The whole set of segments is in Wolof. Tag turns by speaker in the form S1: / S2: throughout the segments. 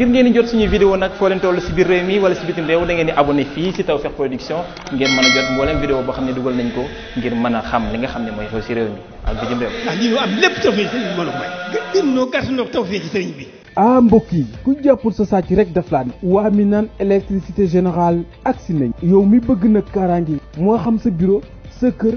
S1: ngir ngeen di jot suñuy vidéo nag foo leen toll si biir réew mi wala si bitim réew da ngeen di abonné fii si Tawfekh Production ngeen mën a jot mboolem vidéo boo xam ne dugal nañ ko ngir mën a xam li nga xam ne mooy xew si réew mi ak bitim réew. ndax ah, lii ñu am lépp tawfeeg ci sëriñ bi mbooloo ah, mooy. mbokk yi ku jàppul sa sàcc rek daf laa ne. waa mi naan général ak si nañ. yow mi bëgg nag kaaraange moo xam sa biro sa kër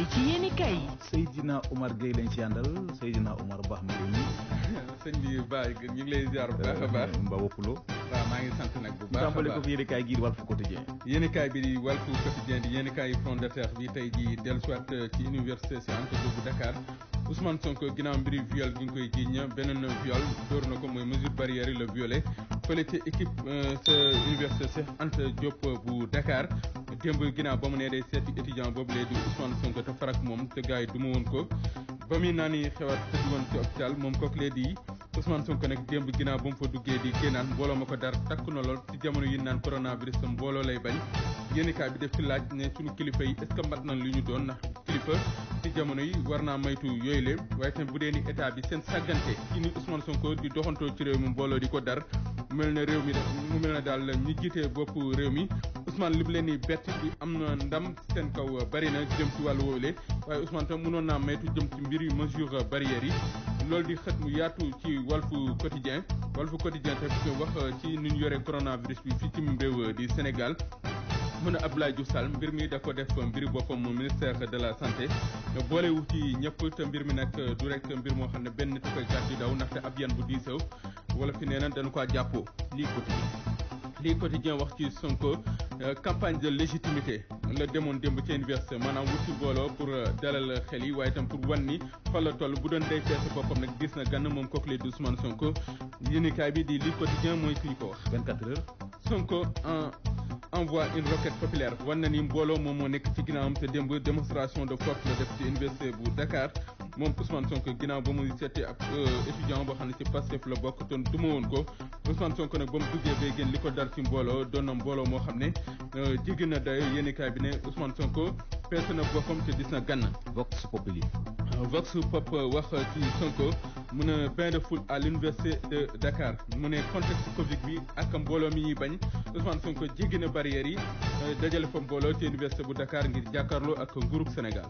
S1: li ci yéeni kay Seydina Omar Gueye lañ ci àndal Seydina Omar baax ma leen
S2: sëñ bi baax ñu ngi lay ziar bu baax a baax mba
S1: woppulo waaw maa
S2: ngi sant nag bu baax a baax tàmbale ko fi
S1: yéeni kaay gii di Walf Quotidien
S2: yéeni kaay bi di Walf Quotidien di yéeni kaay front de terre bi tey ji dellusiwaat euh, ci université Cheikh Anta Diop bu Dakar Ousmane Sonko ginnaaw mbiri viol gi ñu koy jiiñ beneen viol dóor na ko mooy mesure barrière yi la violé fële ca équipe sa euh, université Cheikh Anta Diop bu Dakar démb ginnaaw ba mu ne day seeti étudiant boobu lee di Ousmane Sonko te farak moom te duma woon ko ba muy naan yi xewaat tëdd woon ci hôpital moom kooku lee di Ousmane Sonko nag démb ginnaaw ba mu fa duggee di génnaat mbooloo ma ko dar takk na lool ci jamono yi naan coronavirus mbooloo lay bañ yéenikaay bi def ci laaj ne sunu kilifa yi est-ce que doon ndax kilifa ci jamono yi war naa maytu yooyu waaye tamit bu dee ni état bi seen sàggante ci ni di doxantoo ci réew mi mbooloo di ko dar mu mel ne réew mi mu mel mi Ousmane lim leen di bett bi am na ndam seen kaw bari na jëm ci wàllu woowu waaye Ousmane tam mënoon naa maytu jëm ci mbir yu mesure barrières yi loolu di xët mu yaatu ci Walfu Quotidien Walfu Quotidien tamit wax ci nu ñu yore coronavirus bi fii ci réew di Sénégal mën a Abdoulaye Diouf Sall mbir mi da ko def mbiri boppam ministère de la santé boolewu ci ñëpp te mbir mi nag du rek mbir moo xam ne benn nit koy gàddu daw ndaxte ab yan bu diisew wala fi nee na dañu ko jàppoo lii quotidien wax ci Sonko euh, campagne de légitimité la demoon démb ci université maanaam wuti booloo pour euh, dalal xel yi waaye tam pour wan ni fa la toll bu doon day fees boppam nag gis na gann moom kooku lay di Ousmane Sonko yéenekaay bi di lii quotidien mooy ki ñu ko wax. 24 heures Sonko envoie une roquette populaire wan na ni mbooloo moom moo nekk ci ginnaawam te démb démonstration de force la def ci université bu Dakar moom Ousmane Sonko ginnaaw ba muy seeti ab euh, étudiant boo xam ne ci Pastef la bokk ton duma woon ko Ousmane Sonko nag ba mu duggee bay génn li ko dar ci mbooloo doon na mbooloo moo xam ne euh, jéggi na dayo yéenekaay bi ne Ousmane Sonko peese na boppam te dis na gànn Vox Populi euh, Vox Pop wax ci Sonko mu ne bain de foule mu ne contexte Covid bi ak mbooloo mi ñuy bañ Ousmane Sonko jéggi na barrières yi dajale fa mbooloo ci université bu Dakar ngir jàkkaarloo ak nguurug Sénégal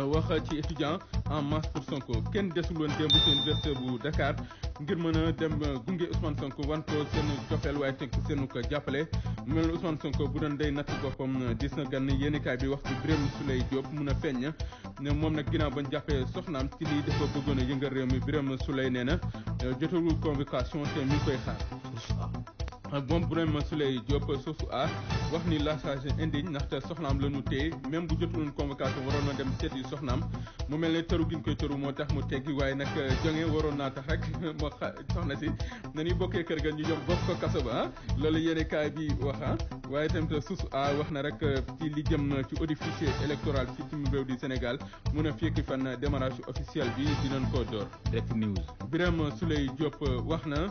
S2: wax ci étudiant en masse pour Sonko kenn desul woon bu ci université bu Dakar ngir mën a dem gunge Ousmane Sonko wan ko seen cofeel waaye teg seenu ko jàppale mu mel Ousmane bu doon day natt boppam dis na gan yéenekaay bi wax ci Birame lay Diop mun a feeñ ne moom nag ginnaaw ba jàppee soxnaam ci lii dafa bëggoon a yëngal réew mi Birame Souleye nee na jotagul convocation te mi koy xaar moom Birame Souleye Diop source a wax ni lâchage indigne ndaxte soxnaam la ñu téye même bu jotuloon convocation waroon na dem seeti soxnaam mu mel ne tëru gi koy tëru moo tax mu teggi waaye nag euh, jonge waroon naa tax rek moo soxna si nañuy bokkee kër ga ñu jom bokk ko kaso ba ah. loolu yéene kaay bi wax ah. waaye tamit source a wax na rek euh, ci li jëm ci audit fichier électoral ci ci réew di Sénégal mun a fekki fan démarrage officiel bi dinañ ko door. Direct News Birame Souleye euh,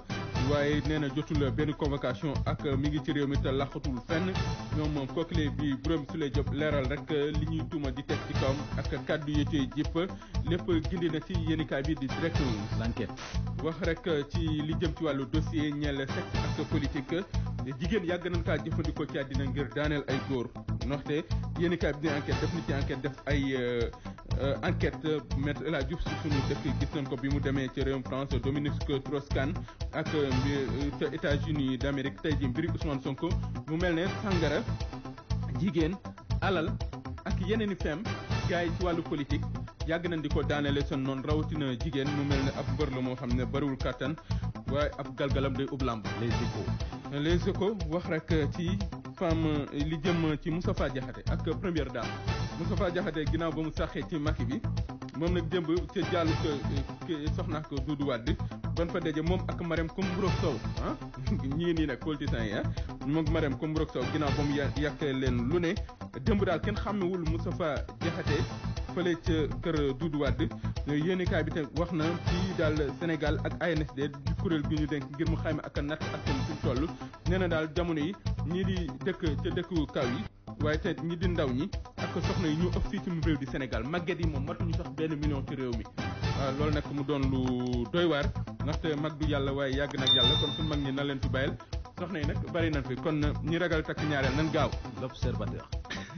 S2: waaye nee na jotul benn convocation ak mi ngi ci réew mi te laqatul fenn ñoom moom kookile bi buróom su lay jop leeral rek li ñuy tuuma di teg ci kawam ak kàddu yi ci jëpp lépp gindi na ci yéenikaay bi di direct l'enquête wax rek ci li jëm ci wàllu dossier ñeel sexe ak politique jigéen yàgg nañ kaa jëfandikoo ci àddina ngir daaneel ay góor ndaxte yéenikaay bi di enquête def na ci enquête def ay euh, Euh, enquête euh, maître la Hadj sunu dëkk gis nañ ko bi mu demee ci réewum France Dominique Strauss-Kahn ak euh, ca États-Unis d'Amérique tey jii mbiri Ousmane Sonko mu mel ne sàngara jigéen alal ak yeneen i fem gars yi ci wàllu politique yàgg nañ di ko daaneele seen noonu rawatina jigéen mu mel ne ab mbër la moo xam ne bariwul kàttan waaye ab galgalam day ub làmb les le les échos wax rek ci femme li jëm ci Moustapha Diakhaté ak première dame Moustapha Diakhaté ginnaaw ba mu saxee ci Macky bi moom nag démb ca jàllu ko soxna ko Doudou Wade ban fa daje moom ak Marème Combrog Sow ah ñi ngi nii nag politiciens yi ah moom Marème Combrog Sow ginnaaw ba mu yàqee leen lu ne démb daal kenn xàmmewul Moustapha Diakhaté fële ca kër Doudou Wade yéenekaay bi tamit wax na ci daal Sénégal ak ANSD di kuréel gi ñu dénk ngir mu xayma ak a natt ak tam suñ toll nee daal jamono yi ñii di dëkk ca dëkku kaw yi waaye te ndaw ñi nak soxna yi ñu ëpp fii réew di Sénégal màgget yi moom matuñu sax benn million ci réew mi ah, loolu nag mu doon lu doy waar ndaxte mag du yàlla waaye yàgg nag yàlla kon su mag ñi na leen fi bàyyil soxna yi nag bari nañ fi kon ñi ragal takk ñaareel nan gaaw l'observateur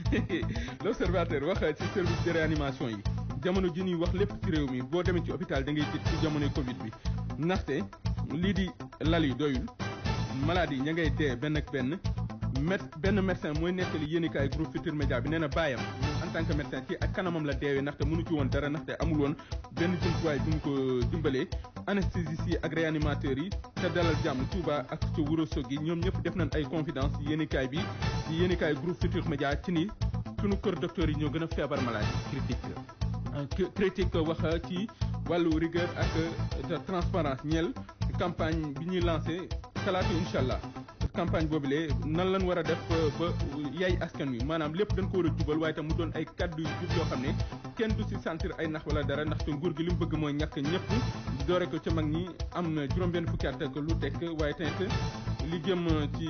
S2: l'observateur wax ci service de réanimation yi jamono ji ñuy wax lépp ci réew mi boo demee ci hôpital da ngay gis ci jamonoy Covid bi ndaxte lii di lal yi doyul malade yi ña ngay dee benn ak benn mét benn médecin mooy nettali yéenekaay groupe Futurs média bi nee baayam en tant que médecin ci ak kanamam la deewee ndaxte mënu ci woon dara ndaxte amul woon benn jumtuwaay bu mu ko dimbalee anesthésistes yi ak réanimateurs yi te dalal jàmm Touba ak ca Wuro yi ñoom ñëpp def nañ ay confidence yéenekaay bi ci yéenekaay groupe Futurs Médias ci ni sunu kër docteur yi ñoo gën feebar malade critique euh, critique wax ci wàllu rigueur ak transparence ñeel campagne bi ñuy lancé talaata campagne boobule nan lañ war a def euh, ba euh, yaay askan wi maanaam lépp dañ ko war a jubal waaye tam mu doon ay kaddu yu jub yoo xam ne kenn du si sentir ay nax wala dara ndaxte nguur gi li mu bëgg mooy ñàkk ñëpp doore ko ca mag ñi am na juróom-benn fukki at ak lu tekk waaye tamit li jëm ci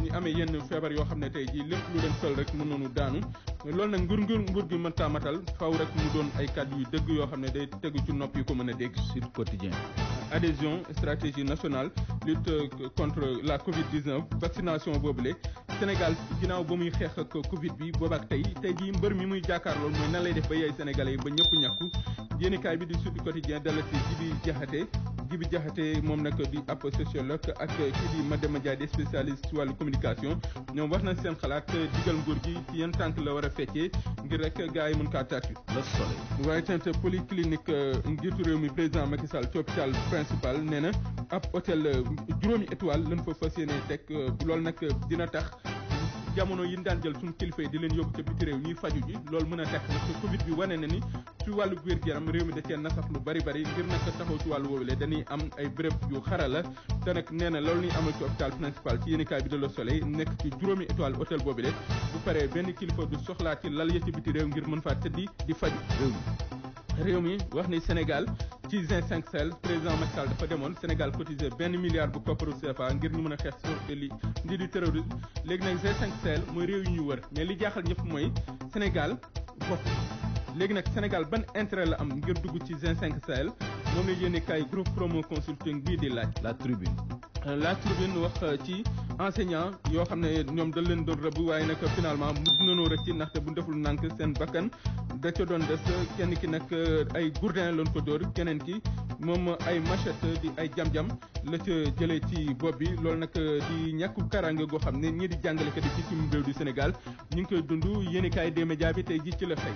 S2: ñi amee yenn feebar yoo xam ne tey jii lépp lu leen sol rek mën noonu daanu loolu nag nguur nguur nguur gi mën taa matal faw rek mu doon ay kaddu yu dëgg yoo xam ne day tegu ci nopp ko mën a dégg. Sud Quotidien adhésion stratégie nationale lutte euh, contre la Covid 19 vaccination boobule Sénégal ginnaaw ba muy xeex ak Covid bi boobaak tey tey jii mbër mi muy jàkkaarloo mooy na lay def ba yeey sénégalais ba ñëpp ñàkku yéenekaay bi di Sud Quotidien dalasi ji bi jaxate Djibi Diakhaté moom nag di ab sociologue ak kii di Madema Dia di spécialiste ci wàllu communication ñoom wax na seen xalaat digal nguur gi ci yan tànk la war a fekkee ngir rek gars yi mën kaa tàccu. la soleil. waaye tamit polyclinique euh, njiitu réew mi président Macky Sall ci hôpital principal nee na ab hôtel euh, juróomi étoile lañ fa fas yéene teg euh, loolu nag dina tax. jamono yi ñu daan jël suñu kilifa yi di leen yóbbu ca biti réew ñuy faju ji loolu mën a tekk nag Covid na ni ci wàllu wér gu yaram réew mi da cee nasaf lu bari bari ngir nag taxaw ci wàllu woowu le am ay béréb yu xarala te nag nee na loolu ñuy amal ci hôpital principal ci yéenekaay bi de Soleil nekk ci juróomi étoile hôtel boobu le bu paree benn kilifa du soxlaa ci lal ya ci biti réew ngir mën faa tëddi di faju réew mi wax ni Sénégal ci G5 Sahel président Macky Sall dafa demoon Sénégal cotisé benn milliard bu kopparu CFA ngir ñu mën a xeex surte li mooy réew yu ñu wër mais li ñëpp mooy Sénégal bokk léegi nag Sénégal ban intérêt la am ngir dugg ci G5 Sahel moom la yéene kaay groupe promo consulting bii di laaj la tribune La Tribune wax euh, ci enseignant yoo xam ne ñoom dal leen doon rëbb waaye nag finalement mujj nañoo rëcc ndaxte bu deful nank seen bakkan da ca doon des kenn ki nag euh, ay gourdin lañ ko dóor keneen ki moom ay machette di ay jam-jam la ca jëlee ci bopp bi loolu nag euh, di ñàkku karange goo xam ne ñii di jàngalekat yi ci suñu réew du Sénégal ñu ngi koy dund yéenekaay des médias bi tey ji ci la xëy.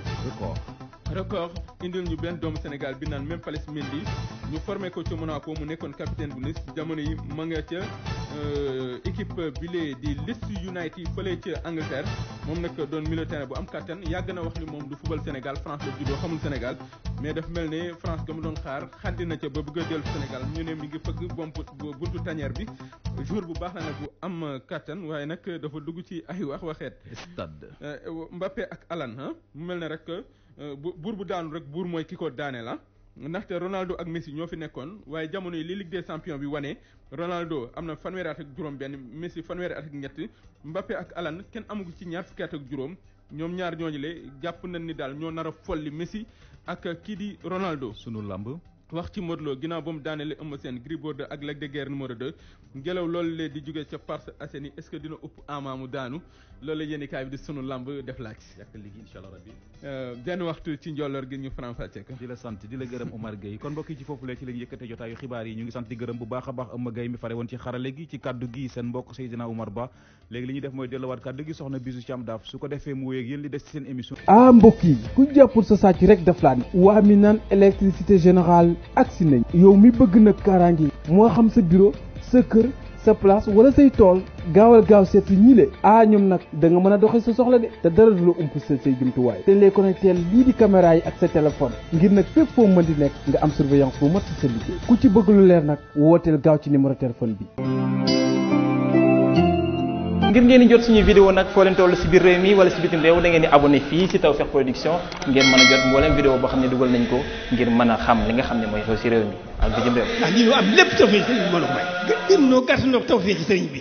S2: record indil ñu benn doomu Sénégal bi naan même Palis Mendy ñu formé ko ca Monaco mu nekkoon capitaine bu Nice jamono yi ma nga ca euh, équipe bile di Leeds United fële ca Angleterre moom nag doon milieu terrain bu am kattan yàgg na wax ni moom du football Sénégal France la juddoo xamul Sénégal mais dafa mel ne France ga mu doon xaar xaddi na ca ba bëgg a dellu Sénégal ñu ne mi ngi fëgg bomp buntu tanière bi jour bu baax la nag bu am kattan waaye nag dafa dugg ci wax waxeet stade euh, ak Alan ah mel ne rek Euh, bu buur bu daanu rek buur mooy ki ko daanee la ah. ndaxte Ronaldo ak Messi ñoo fi nekkoon waaye jamono yi li liggéey des bi wane Ronaldo am na fanweeri at ak juróom benn Messi fanweeri at ak ñett Mbappé ak Alan kenn amagu ci ñaar fukki at ak juróom ñoom ñaar ñooñu le jàpp nañ ni daal ñoo nar a folli Messi ak kii di Ronaldo. sunu làmb wax ci Modou Lo ba mu daaneele Eumeu Sène Gris Bordeaux ak Lac de Guiers numéro 2 ngelaw loolu di jóge ca Parcelles Assainies est-ce dina ëpp Ama daanu loolu la yéenekaay bi di sunu lamb def laaj. yàq liggéey incha allah rabbi. Euh, benn waxtu ci njolloor gi ñu faram-fàccee kon mbokk
S1: ci foofu lee ci lañu yëkkatee jotaayu xibaar yi ñu ngi sant gërëm bu baax a baax Eumeu Gueye mi fare woon ci xarale gi ci kaddu gi seen mbokk Seydina Omar Ba léegi li ñuy def agsi nañ yow mi bëgg nag kaaraange moo xam sa diro sa kër sa place wala say tool gaawal gaaw seet si ñi le ah nag da nga mën a doxe sa soxla de te dara du la ump sa say jumtuwaay te ñu lay connecté lii di caméra yi ak sa téléphone ngir nag fépp foo mën di nekk nga am surveillance bu mat si sa liggéey ku ci bëgg lu leer nag wooteel gaaw ci numéro téléphone bi ngir ngeen di jot suñu vidéo nag foo leen toll si biir réew mi wala si bitim réew da di abonné fii si Tawfekh Production ngeen mën a jot mboolem vidéo boo xam ne dugal nañ ko ngir mën a xam li nga xam ne mooy xew si réew mi ak bitim réew. ndax lii am lépp Tawfekh sëriñ bi moo la ko may. sëriñ bi.